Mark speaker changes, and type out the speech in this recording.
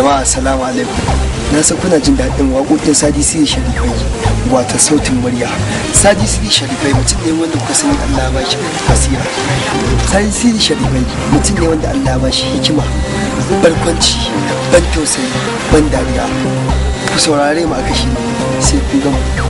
Speaker 1: jama'a salamu alaikum na san kuna jin daɗin waƙoƙin sadi siri sharifai wata sautin murya sadi siri sharifai mutum ne wanda kuka sani allah ba shi basira sadi siri sharifai mutum ne wanda allah ba shi hikima barkwanci ban tausayi ban dariya ku saurare mu a kashi sai ku gama